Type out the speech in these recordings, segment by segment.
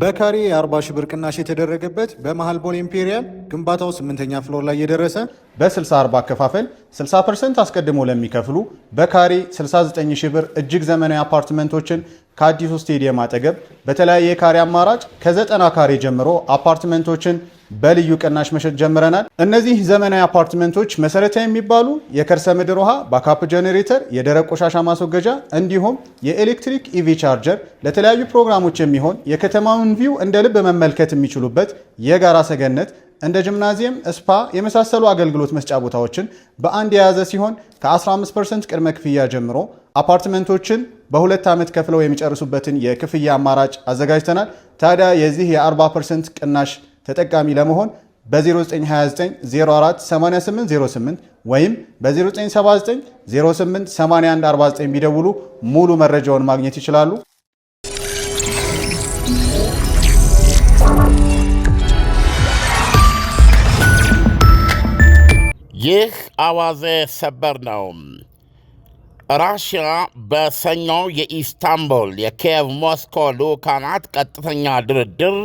በካሬ የአርባ ሺህ ብር ቅናሽ የተደረገበት በመሃል ቦሌ ኢምፔሪያል ግንባታው ስምንተኛ ፍሎር ላይ የደረሰ በ60/40 አከፋፈል 60 ፐርሰንት አስቀድሞ ለሚከፍሉ በካሬ 69 ሺህ ብር እጅግ ዘመናዊ አፓርትመንቶችን ከአዲሱ ስቴዲየም አጠገብ በተለያየ የካሬ አማራጭ ከ90 ካሬ ጀምሮ አፓርትመንቶችን በልዩ ቅናሽ መሸጥ ጀምረናል። እነዚህ ዘመናዊ አፓርትመንቶች መሰረታዊ የሚባሉ የከርሰ ምድር ውሃ፣ ባካፕ ጀኔሬተር የደረቅ ቆሻሻ ማስወገጃ እንዲሁም የኤሌክትሪክ ኢቪ ቻርጀር፣ ለተለያዩ ፕሮግራሞች የሚሆን የከተማውን ቪው እንደ ልብ መመልከት የሚችሉበት የጋራ ሰገነት እንደ ጂምናዚየም፣ ስፓ የመሳሰሉ አገልግሎት መስጫ ቦታዎችን በአንድ የያዘ ሲሆን ከ15% ቅድመ ክፍያ ጀምሮ አፓርትመንቶችን በሁለት ዓመት ከፍለው የሚጨርሱበትን የክፍያ አማራጭ አዘጋጅተናል። ታዲያ የዚህ የ40% ቅናሽ ተጠቃሚ ለመሆን በ0929048808 ወይም በ0979088149 ቢደውሉ ሙሉ መረጃውን ማግኘት ይችላሉ። ይህ አዋዜ ሰበር ነው። ራሽያ በሰኞው የኢስታንቡል የኪየቭ ሞስኮ ልዑካናት ቀጥተኛ ድርድር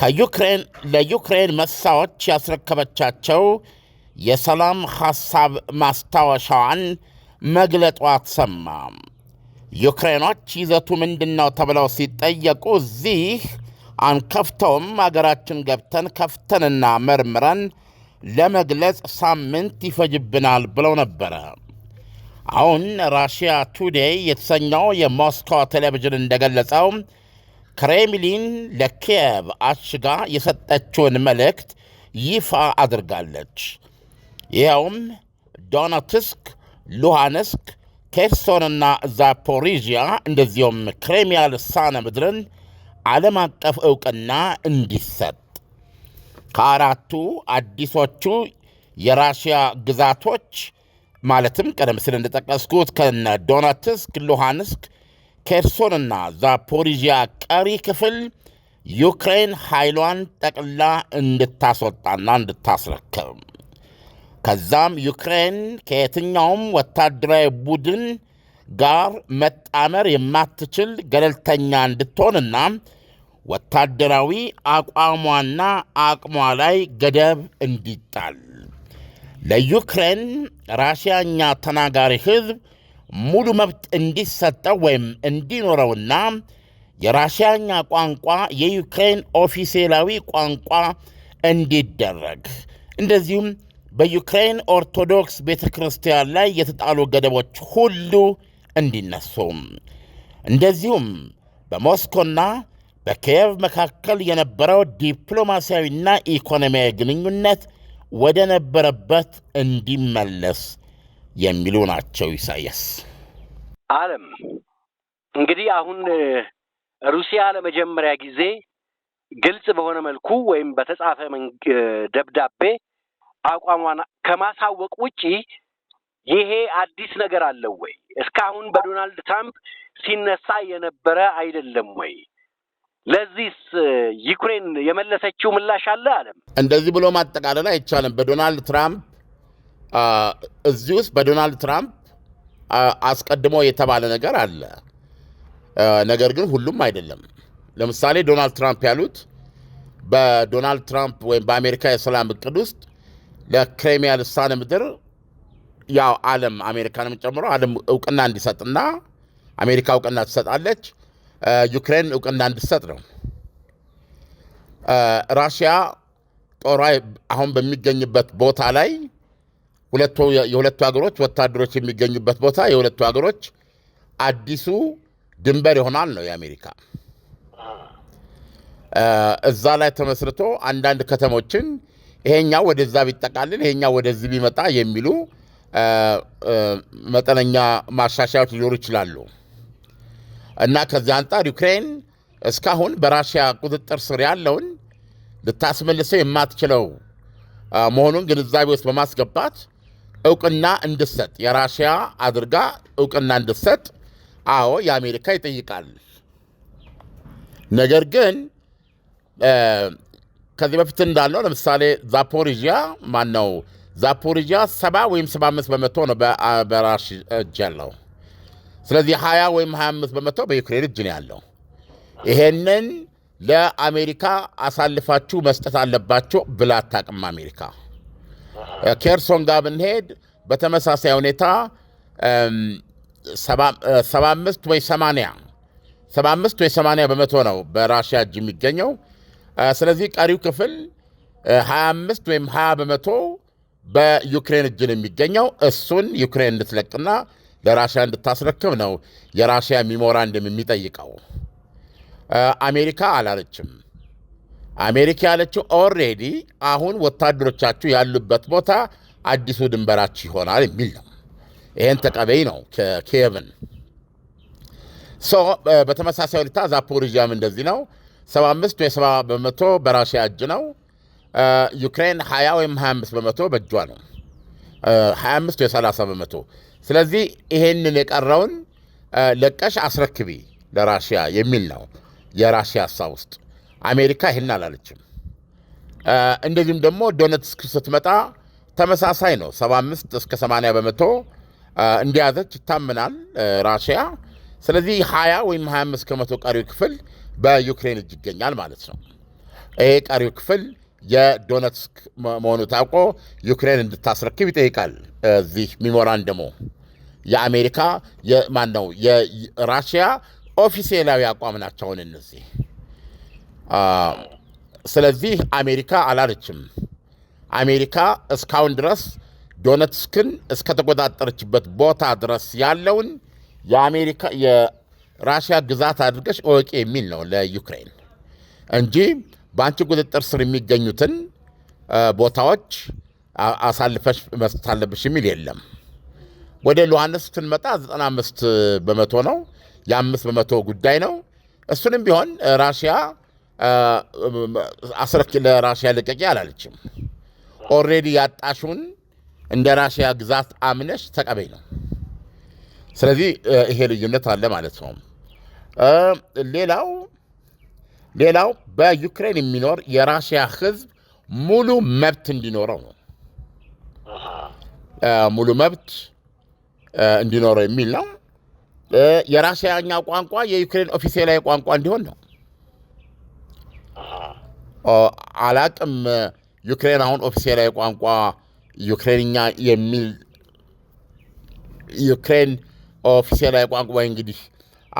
ከዩክሬን ለዩክሬን መሳዎች ያስረከበቻቸው የሰላም ሐሳብ ማስታወሻዋን መግለጧ ተሰማ። ዩክሬኖች ይዘቱ ምንድን ነው ተብለው ሲጠየቁ እዚህ አንከፍተውም፣ አገራችን ገብተን ከፍተንና መርምረን ለመግለጽ ሳምንት ይፈጅብናል ብለው ነበረ። አሁን ራሽያ ቱዴይ የተሰኘው የሞስኮ ቴሌቪዥን እንደገለጸው ክሬምሊን ለኪየቭ አሽጋ የሰጠችውን መልእክት ይፋ አድርጋለች። ይኸውም ዶነትስክ፣ ሉሃንስክ፣ ኬርሶንና ዛፖሪዥያ እንደዚሁም ክሬሚያ ልሳነ ምድርን ዓለም አቀፍ ዕውቅና እንዲሰጥ ከአራቱ አዲሶቹ የራሽያ ግዛቶች ማለትም ቀደም ሲል እንደጠቀስኩት ከነ ዶነትስክ፣ ሉሃንስክ ኬርሶንና ዛፖሪዥያ ቀሪ ክፍል ዩክሬን ኃይሏን ጠቅላ እንድታስወጣና እንድታስረክብ ከዛም ዩክሬን ከየትኛውም ወታደራዊ ቡድን ጋር መጣመር የማትችል ገለልተኛ እንድትሆንና ወታደራዊ አቋሟና አቅሟ ላይ ገደብ እንዲጣል ለዩክሬን ራሽያኛ ተናጋሪ ሕዝብ ሙሉ መብት እንዲሰጠው ወይም እንዲኖረውና የራሽያኛ ቋንቋ የዩክሬን ኦፊሴላዊ ቋንቋ እንዲደረግ እንደዚሁም በዩክሬን ኦርቶዶክስ ቤተ ክርስቲያን ላይ የተጣሉ ገደቦች ሁሉ እንዲነሱ እንደዚሁም በሞስኮና በኪየቭ መካከል የነበረው ዲፕሎማሲያዊና ኢኮኖሚያዊ ግንኙነት ወደ ነበረበት እንዲመለስ የሚሉ ናቸው። ኢሳያስ አለም እንግዲህ አሁን ሩሲያ ለመጀመሪያ ጊዜ ግልጽ በሆነ መልኩ ወይም በተጻፈ ደብዳቤ አቋሟን ከማሳወቅ ውጪ ይሄ አዲስ ነገር አለው ወይ? እስካሁን በዶናልድ ትራምፕ ሲነሳ የነበረ አይደለም ወይ? ለዚህስ ዩክሬን የመለሰችው ምላሽ አለ? አለም እንደዚህ ብሎ ማጠቃለል አይቻልም። በዶናልድ ትራምፕ እዚህ ውስጥ በዶናልድ ትራምፕ አስቀድሞ የተባለ ነገር አለ። ነገር ግን ሁሉም አይደለም። ለምሳሌ ዶናልድ ትራምፕ ያሉት በዶናልድ ትራምፕ ወይም በአሜሪካ የሰላም እቅድ ውስጥ ለክሬሚያ ልሳነ ምድር ያው ዓለም አሜሪካንም ጨምሮ ዓለም እውቅና እንዲሰጥና አሜሪካ እውቅና ትሰጣለች፣ ዩክሬን እውቅና እንዲሰጥ ነው። ራሽያ ጦሯ አሁን በሚገኝበት ቦታ ላይ የሁለቱ ሀገሮች ወታደሮች የሚገኙበት ቦታ የሁለቱ ሀገሮች አዲሱ ድንበር ይሆናል ነው የአሜሪካ። እዛ ላይ ተመስርቶ አንዳንድ ከተሞችን ይሄኛው ወደዛ ቢጠቃልል ይሄኛው ወደዚህ ቢመጣ የሚሉ መጠነኛ ማሻሻያዎች ሊኖሩ ይችላሉ እና ከዚህ አንጻር ዩክሬን እስካሁን በራሽያ ቁጥጥር ስር ያለውን ልታስመልሰው የማትችለው መሆኑን ግንዛቤ ውስጥ በማስገባት እውቅና እንድሰጥ የራሽያ አድርጋ እውቅና እንድሰጥ አዎ የአሜሪካ ይጠይቃል። ነገር ግን ከዚህ በፊት እንዳለው ለምሳሌ ዛፖሪዥያ ማን ነው ዛፖሪዥያ ሰባ ወይም ሰባ አምስት በመቶ ነው በራሽ እጅ ያለው። ስለዚህ ሀያ ወይም ሀያ አምስት በመቶ በዩክሬን እጅ ነው ያለው። ይሄንን ለአሜሪካ አሳልፋችሁ መስጠት አለባቸው ብላ አታውቅም አሜሪካ። ኬርሶን ጋር ብንሄድ በተመሳሳይ ሁኔታ 75 um, uh, ወይ 80 75 ወይ 80 በመቶ ነው በራሽያ እጅ የሚገኘው። uh, ስለዚህ ቀሪው ክፍል 25 uh, ወይም 20 በመቶ በዩክሬን እጅ ነው የሚገኘው። እሱን ዩክሬን እንድትለቅና ለራሽያ እንድታስረክብ ነው የራሽያ ሚሞራንድም የሚጠይቀው። አሜሪካ አላለችም። አሜሪካ ያለችው ኦልሬዲ አሁን ወታደሮቻችሁ ያሉበት ቦታ አዲሱ ድንበራችሁ ይሆናል የሚል ነው። ይህን ተቀበይ ነው ከኪየቭን። በተመሳሳይ ሁኔታ ዛፖሪዥያም እንደዚህ ነው። 75 ወይ 70 በመቶ በራሽያ እጅ ነው። ዩክሬን 20 ወይም 25 በመቶ በእጇ ነው፣ 25 ወይ 30 በመቶ። ስለዚህ ይሄንን የቀረውን ለቀሽ አስረክቢ ለራሽያ የሚል ነው የራሽያ ሀሳብ ውስጥ አሜሪካ ይህን አላለችም። እንደዚሁም ደግሞ ዶነትስክ ስትመጣ ተመሳሳይ ነው። 75 እስከ 80 በመቶ እንዲያዘች ይታመናል ራሽያ። ስለዚህ 20 ወይም 25 ከመቶ ቀሪው ክፍል በዩክሬን እጅ ይገኛል ማለት ነው። ይሄ ቀሪው ክፍል የዶነትስክ መሆኑ ታውቆ ዩክሬን እንድታስረክብ ይጠይቃል። እዚህ ሚሞራንደሙ የአሜሪካ ነው የራሽያ ኦፊሴላዊ አቋም ናቸውን እነዚህ ስለዚህ አሜሪካ አላለችም። አሜሪካ እስካሁን ድረስ ዶነትስክን እስከተቆጣጠረችበት ቦታ ድረስ ያለውን የአሜሪካ የራሽያ ግዛት አድርገሽ እወቂ የሚል ነው ለዩክሬን እንጂ በአንቺ ቁጥጥር ስር የሚገኙትን ቦታዎች አሳልፈሽ መስጠት አለብሽ የሚል የለም። ወደ ሉሃንስ ስንመጣ 95 በመቶ ነው፣ የአምስት በመቶ ጉዳይ ነው። እሱንም ቢሆን ራሽያ አስረክ ለራሽያ ልቀቂ አላለችም። ኦልሬዲ ያጣሹን እንደ ራሽያ ግዛት አምነሽ ተቀበይ ነው። ስለዚህ ይሄ ልዩነት አለ ማለት ነው። ሌላው ሌላው በዩክሬን የሚኖር የራሽያ ህዝብ ሙሉ መብት እንዲኖረው ነው ሙሉ መብት እንዲኖረው የሚል ነው። የራሽያኛ ቋንቋ የዩክሬን ኦፊሴላዊ ቋንቋ እንዲሆን ነው። አላቅም። ዩክሬን አሁን ኦፊሴላዊ ቋንቋ ዩክሬንኛ የሚል ዩክሬን ኦፊሴላዊ ቋንቋ ወይ እንግዲህ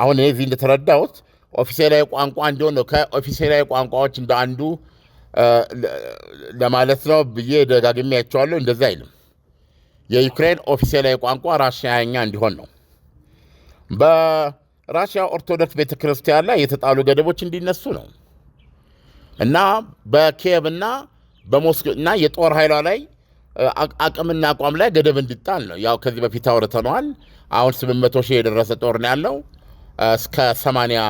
አሁን እኔ እዚህ እንደተረዳሁት ኦፊሴላዊ ቋንቋ እንዲሆን ነው ከኦፊሴላዊ ቋንቋዎች እንደ አንዱ ለማለት ነው ብዬ ደጋግሜ ያቸዋለሁ። እንደዛ አይልም። የዩክሬን ኦፊሴላዊ ቋንቋ ራሽያኛ እንዲሆን ነው። በራሽያ ኦርቶዶክስ ቤተ ክርስቲያን ላይ የተጣሉ ገደቦች እንዲነሱ ነው። እና በኪየቭና በሞስኮ እና የጦር ኃይሏ ላይ አቅምና አቋም ላይ ገደብ እንዲጣል ነው። ያው ከዚህ በፊት አውርተነዋል። አሁን ስምንት መቶ ሺህ የደረሰ ጦር ነው ያለው። እስከ ሰማንያ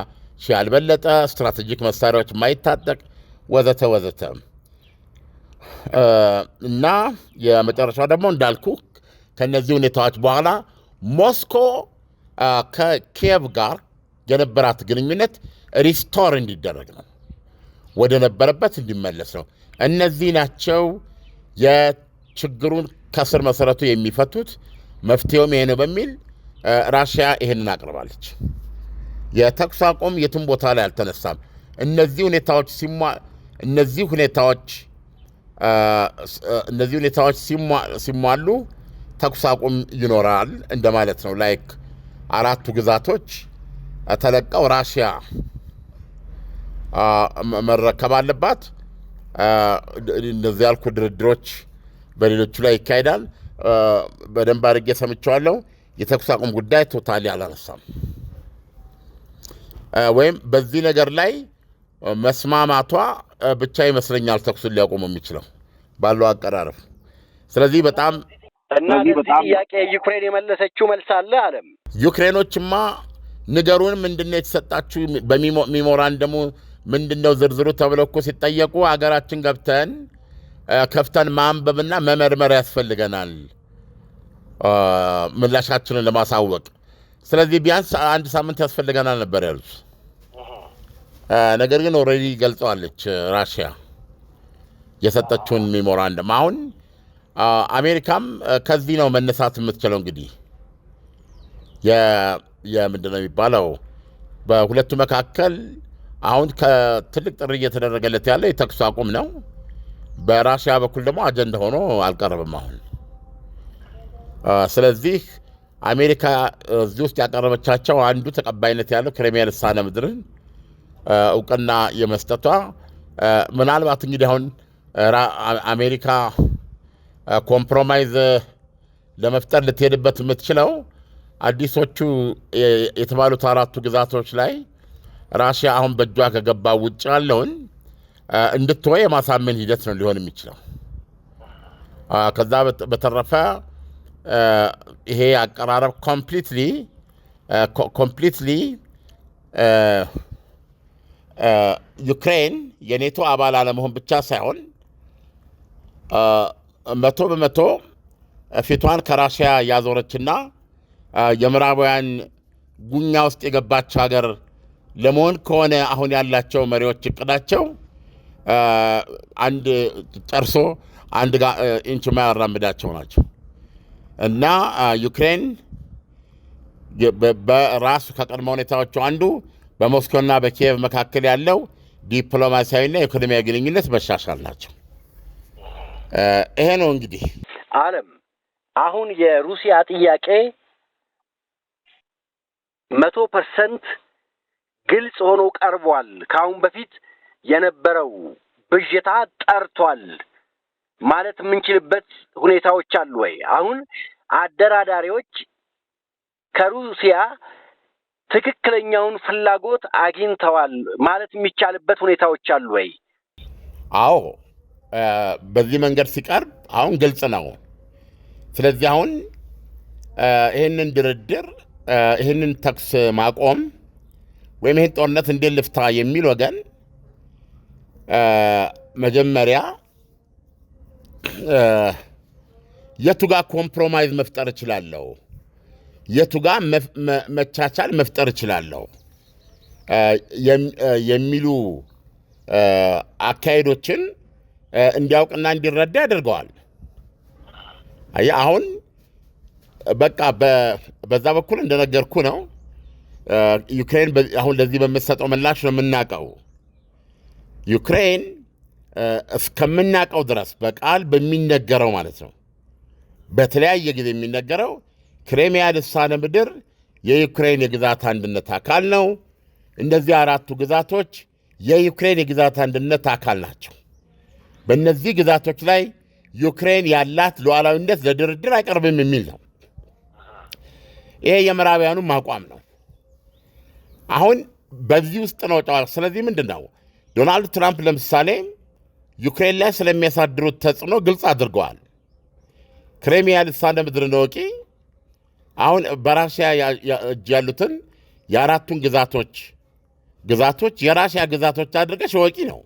ሺህ ያልበለጠ ስትራቴጂክ መሳሪያዎች የማይታጠቅ ወዘተ ወዘተ እና የመጨረሻው ደግሞ እንዳልኩ ከነዚህ ሁኔታዎች በኋላ ሞስኮ ከኪየቭ ጋር የነበራት ግንኙነት ሪስቶር እንዲደረግ ነው። ወደ ነበረበት እንዲመለስ ነው። እነዚህ ናቸው የችግሩን ከስር መሰረቱ የሚፈቱት። መፍትሄውም ይሄ ነው በሚል ራሽያ ይህንን አቅርባለች። የተኩስ አቁም የትም ቦታ ላይ አልተነሳም። እነዚህ ሁኔታዎች ሲሟ እነዚህ ሁኔታዎች እነዚህ ሁኔታዎች ሲሟሉ ተኩስ አቁም ይኖራል እንደማለት ነው። ላይክ አራቱ ግዛቶች ተለቀው ራሽያ መረከብ አለባት። እንደዚህ ያልኩ ድርድሮች በሌሎቹ ላይ ይካሄዳል። በደንብ አድርጌ ሰምቸዋለሁ። የተኩስ አቁም ጉዳይ ቶታሊ አላነሳም ወይም በዚህ ነገር ላይ መስማማቷ ብቻ ይመስለኛል ተኩስን ሊያቆም የሚችለው ባለው አቀራረብ። ስለዚህ በጣም እና ለዚህ ጥያቄ ዩክሬን የመለሰችው መልስ አለ አለም ዩክሬኖችማ ንገሩን፣ ምንድነው የተሰጣችሁ በሚሞራንደሙ ምንድን ነው ዝርዝሩ ተብሎ እኮ ሲጠየቁ አገራችን ገብተን ከፍተን ማንበብና መመርመር ያስፈልገናል ምላሻችንን ለማሳወቅ። ስለዚህ ቢያንስ አንድ ሳምንት ያስፈልገናል ነበር ያሉት። ነገር ግን ኦልሬዲ ገልጸዋለች ራሽያ የሰጠችውን ሚሞራንደም። አሁን አሜሪካም ከዚህ ነው መነሳት የምትችለው እንግዲህ የምንድነው የሚባለው በሁለቱ መካከል አሁን ከትልቅ ጥሪ እየተደረገለት ያለ የተኩስ አቁም ነው። በራሽያ በኩል ደግሞ አጀንዳ ሆኖ አልቀረብም አሁን። ስለዚህ አሜሪካ እዚህ ውስጥ ያቀረበቻቸው አንዱ ተቀባይነት ያለው ክሬሚያ ልሳነ ምድርን እውቅና የመስጠቷ ምናልባት እንግዲህ አሁን አሜሪካ ኮምፕሮማይዝ ለመፍጠር ልትሄድበት የምትችለው አዲሶቹ የተባሉት አራቱ ግዛቶች ላይ ራሽያ አሁን በእጇ ከገባ ውጭ ያለውን እንድትወይ የማሳመን ሂደት ነው ሊሆን የሚችለው። ከዛ በተረፈ ይሄ አቀራረብ ኮምፕሊትሊ ኮምፕሊትሊ ዩክሬን የኔቶ አባል አለመሆን ብቻ ሳይሆን መቶ በመቶ ፊቷን ከራሽያ እያዞረችና የምዕራባውያን ጉኛ ውስጥ የገባች ሀገር ለመሆን ከሆነ አሁን ያላቸው መሪዎች እቅዳቸው አንድ ጨርሶ አንድ ኢንች ማያራምዳቸው ናቸው እና ዩክሬን በራሱ ከቅድመ ሁኔታዎቹ አንዱ በሞስኮና በኪየቭ መካከል ያለው ዲፕሎማሲያዊና የኢኮኖሚያዊ ግንኙነት መሻሻል ናቸው። ይሄ ነው እንግዲህ ዓለም አሁን የሩሲያ ጥያቄ መቶ ፐርሰንት ግልጽ ሆኖ ቀርቧል። ከአሁን በፊት የነበረው ብዥታ ጠርቷል ማለት የምንችልበት ሁኔታዎች አሉ ወይ? አሁን አደራዳሪዎች ከሩሲያ ትክክለኛውን ፍላጎት አግኝተዋል ማለት የሚቻልበት ሁኔታዎች አሉ ወይ? አዎ፣ በዚህ መንገድ ሲቀርብ አሁን ግልጽ ነው። ስለዚህ አሁን ይህንን ድርድር ይህንን ተኩስ ማቆም ወይም ይህን ጦርነት እንዴ ልፍታ የሚል ወገን መጀመሪያ የቱጋ ኮምፕሮማይዝ መፍጠር እችላለሁ፣ የቱጋ መቻቻል መፍጠር እችላለሁ የሚሉ አካሄዶችን እንዲያውቅና እንዲረዳ ያደርገዋል። አሁን በቃ በዛ በኩል እንደነገርኩ ነው። ዩክሬን አሁን ለዚህ በምትሰጠው ምላሽ ነው የምናውቀው። ዩክሬን እስከምናውቀው ድረስ በቃል በሚነገረው ማለት ነው በተለያየ ጊዜ የሚነገረው ክሬሚያ ልሳነ ምድር የዩክሬን የግዛት አንድነት አካል ነው። እነዚህ አራቱ ግዛቶች የዩክሬን የግዛት አንድነት አካል ናቸው። በእነዚህ ግዛቶች ላይ ዩክሬን ያላት ሉዓላዊነት ለድርድር አይቀርብም የሚል ነው። ይሄ የምዕራብያኑም አቋም ነው። አሁን በዚህ ውስጥ ነው ጨዋታ። ስለዚህ ምንድን ነው ዶናልድ ትራምፕ ለምሳሌ ዩክሬን ላይ ስለሚያሳድሩት ተጽዕኖ ግልጽ አድርገዋል። ክሬሚያ ልሳነ ምድር ነወቂ አሁን በራሽያ እጅ ያሉትን የአራቱን ግዛቶች ግዛቶች የራሽያ ግዛቶች አድርገሽ ወቂ ነው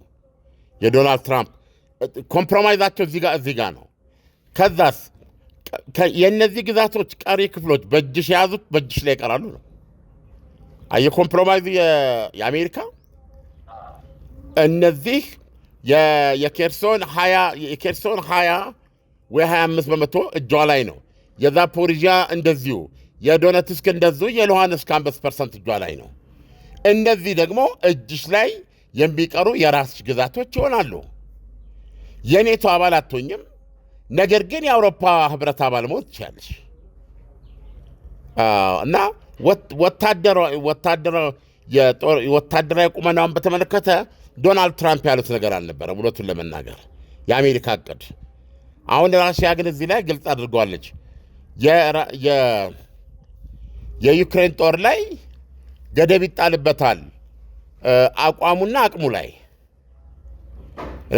የዶናልድ ትራምፕ ኮምፕሮማይዛቸው እዚህ ጋር ነው። ከዛስ የእነዚህ ግዛቶች ቀሪ ክፍሎች በእጅሽ የያዙት በእጅሽ ላይ ይቀራሉ ነው የኮምፕሮማይዝ የአሜሪካ እነዚህ የኬርሶን የኬርሶን ሀያ ወይ 25 በመቶ እጇ ላይ ነው። የዛፖሪዣ እንደዚሁ፣ የዶነትስክ እንደዚሁ፣ የሉሃንስክ 5 ፐርሰንት እጇ ላይ ነው። እነዚህ ደግሞ እጅሽ ላይ የሚቀሩ የራስሽ ግዛቶች ይሆናሉ። የኔቶ አባል አትሆኝም፣ ነገር ግን የአውሮፓ ህብረት አባል መሆን ትችላለሽ እና ወታደራዊ ቁመናውን በተመለከተ ዶናልድ ትራምፕ ያሉት ነገር አልነበረም፣ እውነቱን ለመናገር የአሜሪካ እቅድ። አሁን ራሽያ ግን እዚህ ላይ ግልጽ አድርገዋለች። የዩክሬን ጦር ላይ ገደብ ይጣልበታል፣ አቋሙና አቅሙ ላይ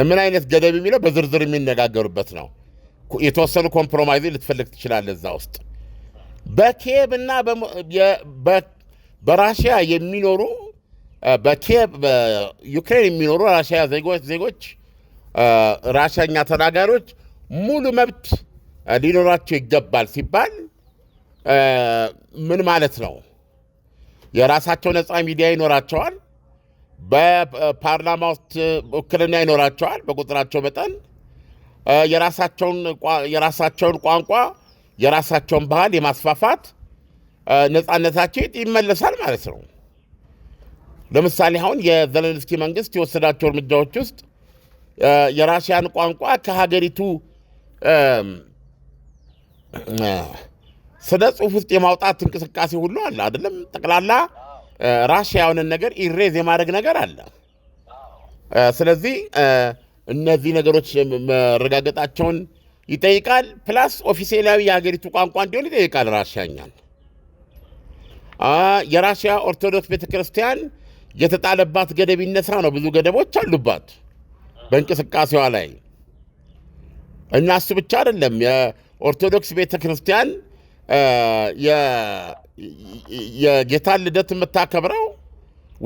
ምን አይነት ገደብ የሚለው በዝርዝር የሚነጋገሩበት ነው። የተወሰኑ ኮምፕሮማይዝ ልትፈልግ ትችላለህ እዛ ውስጥ በኪየቭ እና በራሽያ የሚኖሩ በኪየቭ ዩክሬን የሚኖሩ ራሽያ ዜጎች ዜጎች ራሽያኛ ተናጋሪዎች ሙሉ መብት ሊኖራቸው ይገባል ሲባል ምን ማለት ነው? የራሳቸው ነፃ ሚዲያ ይኖራቸዋል። በፓርላማ ውስጥ ውክልና ይኖራቸዋል። በቁጥራቸው መጠን የራሳቸውን ቋንቋ የራሳቸውን ባህል የማስፋፋት ነፃነታቸው ይመለሳል ማለት ነው። ለምሳሌ አሁን የዘለንስኪ መንግስት የወሰዳቸው እርምጃዎች ውስጥ የራሽያን ቋንቋ ከሀገሪቱ ስነ ጽሁፍ ውስጥ የማውጣት እንቅስቃሴ ሁሉ አለ አይደለም። ጠቅላላ ራሽያውንን ነገር ኢሬዝ የማድረግ ነገር አለ። ስለዚህ እነዚህ ነገሮች መረጋገጣቸውን ይጠይቃል። ፕላስ ኦፊሴላዊ የሀገሪቱ ቋንቋ እንዲሆን ይጠይቃል። ራሽያኛን የራሽያ ኦርቶዶክስ ቤተክርስቲያን የተጣለባት ገደብ ይነሳ ነው። ብዙ ገደቦች አሉባት በእንቅስቃሴዋ ላይ እና እሱ ብቻ አይደለም። የኦርቶዶክስ ቤተክርስቲያን የጌታን ልደት የምታከብረው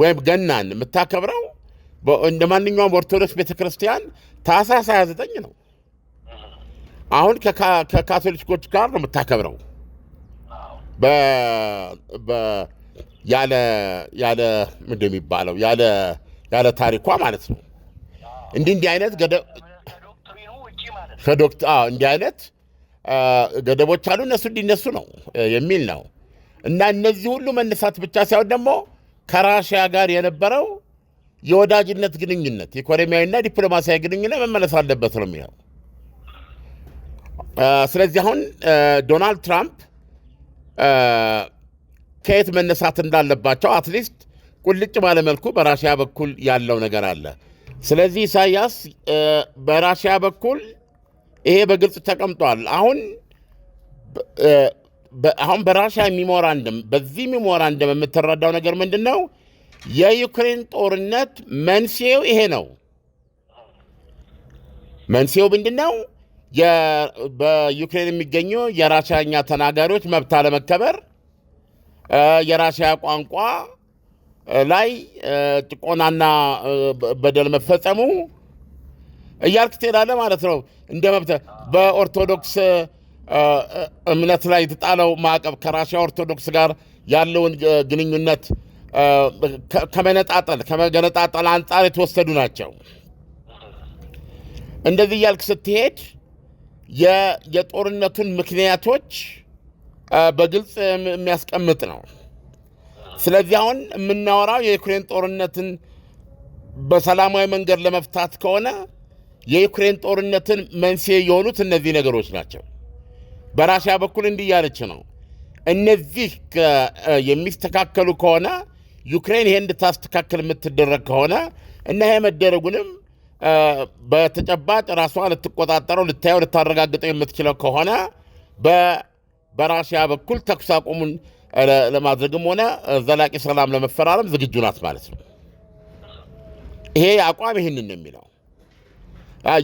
ወይም ገናን የምታከብረው እንደ ማንኛውም ኦርቶዶክስ ቤተክርስቲያን ታኅሳስ 29 ነው። አሁን ከካቶሊኮች ጋር ነው የምታከብረው ያለ ያለ የሚባለው ያለ ያለ ታሪኳ ማለት ነው። እንዲህ እንዲህ አይነት እንዲህ አይነት ገደቦች አሉ እነሱ እንዲነሱ ነው የሚል ነው እና እነዚህ ሁሉ መነሳት ብቻ ሳይሆን ደግሞ ከራሽያ ጋር የነበረው የወዳጅነት ግንኙነት ኢኮኖሚያዊና ዲፕሎማሲያዊ ግንኙነት መመለስ አለበት ነው የሚለው ስለዚህ አሁን ዶናልድ ትራምፕ ከየት መነሳት እንዳለባቸው አትሊስት ቁልጭ ባለመልኩ በራሽያ በኩል ያለው ነገር አለ። ስለዚህ ኢሳያስ በራሽያ በኩል ይሄ በግልጽ ተቀምጧል። አሁን አሁን በራሽያ ሚሞራንድም በዚህ ሚሞራንድም የምትረዳው ነገር ምንድን ነው? የዩክሬን ጦርነት መንስኤው ይሄ ነው። መንስኤው ምንድን ነው? በዩክሬን የሚገኙ የራሽያኛ ተናጋሪዎች መብት አለመከበር፣ የራሽያ ቋንቋ ላይ ጭቆናና በደል መፈጸሙ እያልክ ትሄዳለህ ማለት ነው። እንደ መብት በኦርቶዶክስ እምነት ላይ የተጣለው ማዕቀብ ከራሽያ ኦርቶዶክስ ጋር ያለውን ግንኙነት ከመነጣጠል ከመገነጣጠል አንጻር የተወሰዱ ናቸው። እንደዚህ እያልክ ስትሄድ የጦርነቱን ምክንያቶች በግልጽ የሚያስቀምጥ ነው። ስለዚህ አሁን የምናወራው የዩክሬን ጦርነትን በሰላማዊ መንገድ ለመፍታት ከሆነ የዩክሬን ጦርነትን መንስኤ የሆኑት እነዚህ ነገሮች ናቸው። በራሽያ በኩል እንዲህ ያለች ነው። እነዚህ የሚስተካከሉ ከሆነ ዩክሬን ይሄ እንድታስተካከል የምትደረግ ከሆነ እና ይሄ መደረጉንም በተጨባጭ ራሷ ልትቆጣጠረው ልታየው ልታረጋግጠው የምትችለው ከሆነ በራሽያ በኩል ተኩስ አቁሙን ለማድረግም ሆነ ዘላቂ ሰላም ለመፈራረም ዝግጁ ናት ማለት ነው። ይሄ አቋም ይህንን ነው የሚለው።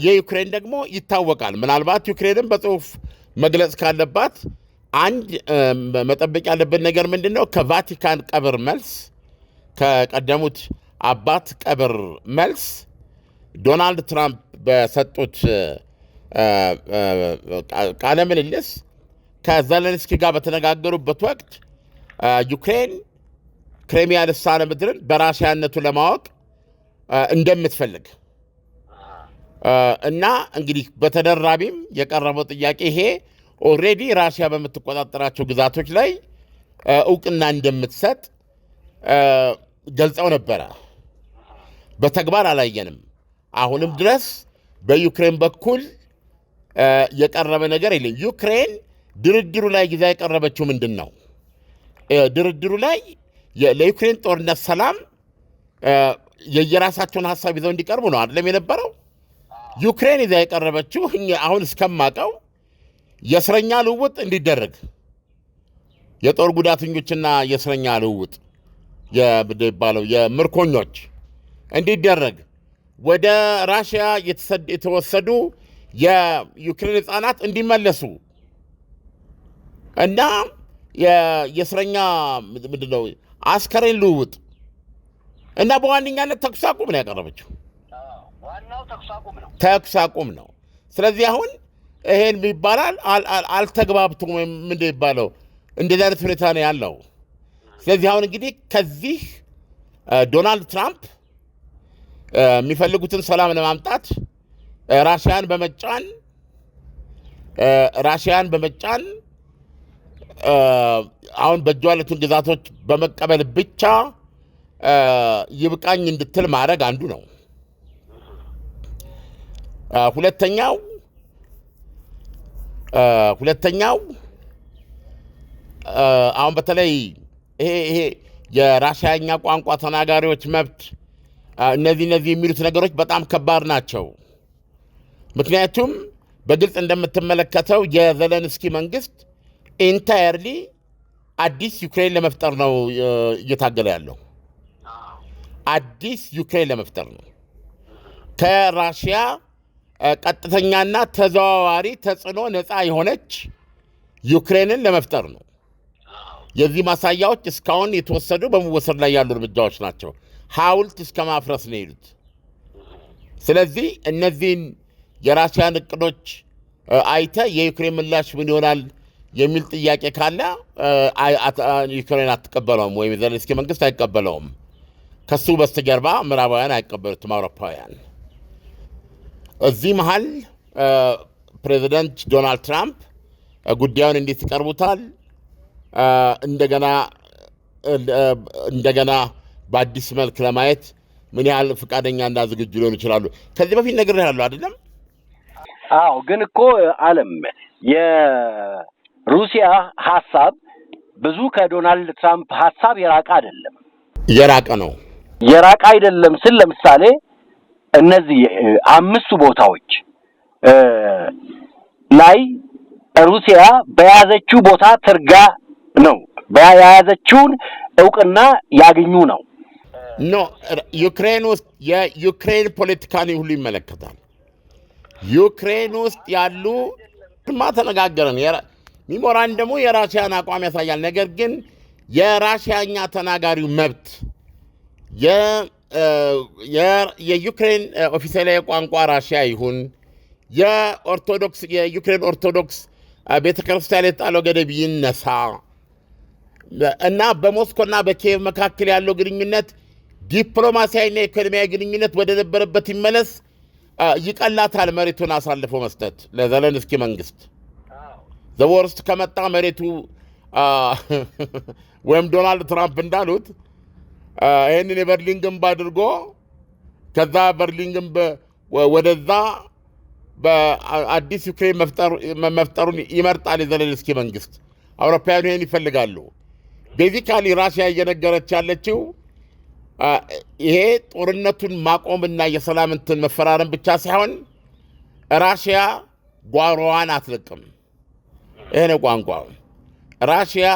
የዩክሬን ደግሞ ይታወቃል። ምናልባት ዩክሬንም በጽሁፍ መግለጽ ካለባት አንድ መጠበቅ ያለብን ነገር ምንድን ነው? ከቫቲካን ቀብር መልስ ከቀደሙት አባት ቀብር መልስ ዶናልድ ትራምፕ በሰጡት ቃለ ምልልስ ከዘለንስኪ ጋር በተነጋገሩበት ወቅት ዩክሬን ክሬሚያ ልሳነ ምድርን በራሲያነቱ ለማወቅ እንደምትፈልግ እና እንግዲህ በተደራቢም የቀረበው ጥያቄ ይሄ ኦልሬዲ ራሲያ በምትቆጣጠራቸው ግዛቶች ላይ እውቅና እንደምትሰጥ ገልጸው ነበረ። በተግባር አላየንም። አሁንም ድረስ በዩክሬን በኩል የቀረበ ነገር የለም። ዩክሬን ድርድሩ ላይ ጊዜ ያቀረበችው ምንድን ነው? ድርድሩ ላይ ለዩክሬን ጦርነት ሰላም የየራሳቸውን ሀሳብ ይዘው እንዲቀርቡ ነው አይደለም የነበረው። ዩክሬን ይዛ የቀረበችው አሁን እስከማቀው የእስረኛ ልውውጥ እንዲደረግ የጦር ጉዳተኞችና የእስረኛ ልውውጥ የሚባለው የምርኮኞች እንዲደረግ ወደ ራሽያ የተወሰዱ የዩክሬን ህጻናት እንዲመለሱ እና የእስረኛ ምንድነው አስከሬን ልውውጥ እና በዋነኛነት ተኩስ አቁም ነው ያቀረበችው። ተኩስ አቁም ነው። ስለዚህ አሁን ይሄን ይባላል አልተግባብቱም ወይም ምንድን ይባለው እንደዚህ አይነት ሁኔታ ነው ያለው። ስለዚህ አሁን እንግዲህ ከዚህ ዶናልድ ትራምፕ የሚፈልጉትን ሰላም ለማምጣት ራሽያን በመጫን ራሽያን በመጫን አሁን በእጇ ያሉትን ግዛቶች በመቀበል ብቻ ይብቃኝ እንድትል ማድረግ አንዱ ነው። ሁለተኛው ሁለተኛው አሁን በተለይ ይሄ ይሄ የራሽያኛ ቋንቋ ተናጋሪዎች መብት እነዚህ እነዚህ የሚሉት ነገሮች በጣም ከባድ ናቸው። ምክንያቱም በግልጽ እንደምትመለከተው የዘለንስኪ መንግስት ኢንታየርሊ አዲስ ዩክሬን ለመፍጠር ነው እየታገለ ያለው። አዲስ ዩክሬን ለመፍጠር ነው ከራሽያ ቀጥተኛና ተዘዋዋሪ ተጽዕኖ ነፃ የሆነች ዩክሬንን ለመፍጠር ነው። የዚህ ማሳያዎች እስካሁን የተወሰዱ በመወሰድ ላይ ያሉ እርምጃዎች ናቸው። ሐውልት እስከ ማፍረስ ነው የሄዱት። ስለዚህ እነዚህን የራሽያን እቅዶች አይተ የዩክሬን ምላሽ ምን ይሆናል የሚል ጥያቄ ካለ ዩክሬን አትቀበለውም፣ ወይም የዘሌንስኪ መንግስት አይቀበለውም። ከሱ በስተጀርባ ምዕራባውያን አይቀበሉትም፣ አውሮፓውያን። እዚህ መሀል ፕሬዚደንት ዶናልድ ትራምፕ ጉዳዩን እንዴት ይቀርቡታል? እንደገና እንደገና በአዲስ መልክ ለማየት ምን ያህል ፈቃደኛ እና ዝግጁ ሊሆኑ ይችላሉ? ከዚህ በፊት ያሉ አይደለም? አዎ። ግን እኮ አለም የሩሲያ ሀሳብ ብዙ ከዶናልድ ትራምፕ ሀሳብ የራቀ አይደለም። የራቀ ነው። የራቀ አይደለም ስል ለምሳሌ እነዚህ አምስቱ ቦታዎች ላይ ሩሲያ በያዘችው ቦታ ትርጋ ነው በያዘችውን እውቅና ያገኙ ነው ኖ ዩክሬን ውስጥ የዩክሬን ፖለቲካን ሁሉ ይመለከታል። ዩክሬን ውስጥ ያሉ ድማ ተነጋገረን ሚሞራን ደግሞ የራሽያን አቋም ያሳያል። ነገር ግን የራሽያኛ ተናጋሪው መብት የዩክሬን ኦፊሴላዊ ቋንቋ ራሽያ ይሁን የኦርቶዶክስ የዩክሬን ኦርቶዶክስ ቤተ ክርስቲያን የተጣለው ገደብ ይነሳ እና በሞስኮና በኪየቭ መካከል ያለው ግንኙነት ዲፕሎማሲያዊና ኢኮኖሚያዊ ግንኙነት ወደ ነበረበት ይመለስ። ይቀላታል መሬቱን አሳልፎ መስጠት ለዘለንስኪ መንግስት። ዘወርስት ከመጣ መሬቱ ወይም ዶናልድ ትራምፕ እንዳሉት ይህንን የበርሊን ግንብ አድርጎ ከዛ በርሊን ግንብ ወደዛ በአዲስ ዩክሬን መፍጠሩን ይመርጣል የዘለንስኪ መንግስት። አውሮፓውያኑ ይህን ይፈልጋሉ። ቤዚካሊ ራሽያ እየነገረች ያለችው ይሄ ጦርነቱን ማቆምና የሰላም እንትን መፈራረም ብቻ ሳይሆን ራሽያ ጓሮዋን አትለቅም። ይሄ ነው ቋንቋው። ራሽያ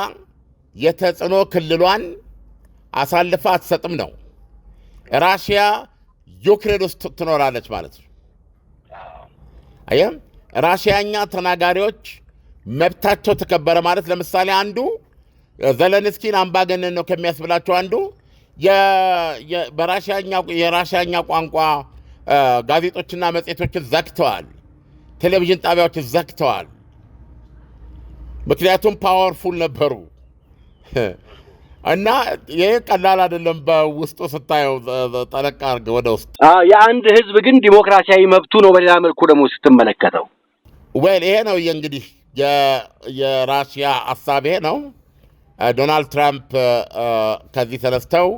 የተጽዕኖ ክልሏን አሳልፋ አትሰጥም ነው። ራሽያ ዩክሬን ውስጥ ትኖራለች ማለት ነው። አየህ ራሽያኛ ተናጋሪዎች መብታቸው ተከበረ ማለት ለምሳሌ አንዱ ዘለንስኪን አምባገነን ነው ከሚያስብላቸው አንዱ የራሽያኛ ቋንቋ ጋዜጦችና መጽሔቶችን ዘግተዋል። ቴሌቪዥን ጣቢያዎች ዘግተዋል። ምክንያቱም ፓወርፉል ነበሩ እና ይህ ቀላል አይደለም። በውስጡ ስታየው ጠለቅ አድርገህ ወደ ውስጥ የአንድ ህዝብ ግን ዲሞክራሲያዊ መብቱ ነው። በሌላ መልኩ ደግሞ ስትመለከተው ወይ ይሄ ነው እንግዲህ የራሽያ ሀሳብ ይሄ ነው። ዶናልድ ትራምፕ ከዚህ ተነስተው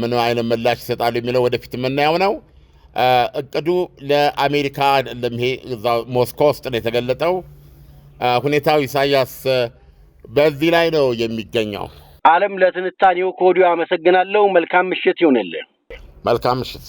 ምን አይነት ምላሽ ይሰጣሉ የሚለው ወደፊት የምናየው ነው። እቅዱ ለአሜሪካ አይደለም። ይሄ ሞስኮ ውስጥ ነው የተገለጠው ሁኔታው። ኢሳያስ በዚህ ላይ ነው የሚገኘው። አለም ለትንታኔው ከወዲሁ አመሰግናለሁ። መልካም ምሽት ይሆንልህ። መልካም ምሽት።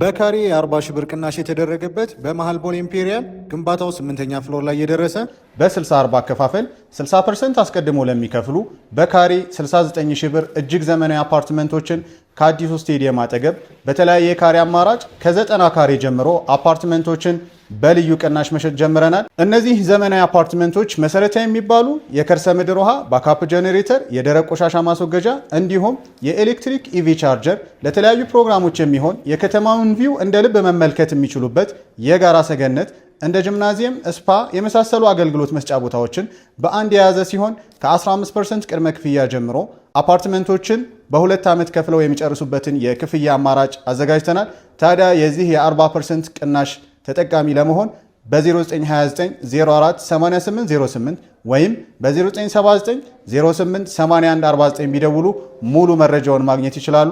በካሬ የአርባ ሺህ ብር ቅናሽ የተደረገበት በመሃል ቦሌ ኢምፔሪያል ግንባታው ስምንተኛ ፍሎር ላይ የደረሰ በ60/40 አከፋፈል 60 ፐርሰንት አስቀድሞ ለሚከፍሉ በካሬ 69 ሺህ ብር እጅግ ዘመናዊ አፓርትመንቶችን ከአዲሱ ስቴዲየም አጠገብ በተለያየ የካሬ አማራጭ ከ90 ካሬ ጀምሮ አፓርትመንቶችን በልዩ ቅናሽ መሸጥ ጀምረናል። እነዚህ ዘመናዊ አፓርትመንቶች መሰረታዊ የሚባሉ የከርሰ ምድር ውሃ፣ ባካፕ ጀኔሬተር የደረቅ ቆሻሻ ማስወገጃ እንዲሁም የኤሌክትሪክ ኢቪ e ቻርጀር፣ ለተለያዩ ፕሮግራሞች የሚሆን የከተማውን ቪው እንደ ልብ መመልከት የሚችሉበት የጋራ ሰገነት እንደ ጂምናዚየም፣ ስፓ የመሳሰሉ አገልግሎት መስጫ ቦታዎችን በአንድ የያዘ ሲሆን ከ15% ቅድመ ክፍያ ጀምሮ አፓርትመንቶችን በሁለት ዓመት ከፍለው የሚጨርሱበትን የክፍያ አማራጭ አዘጋጅተናል። ታዲያ የዚህ የ40% ቅናሽ ተጠቃሚ ለመሆን በ0929048808 ወይም በ0979088149 ቢደውሉ ሙሉ መረጃውን ማግኘት ይችላሉ።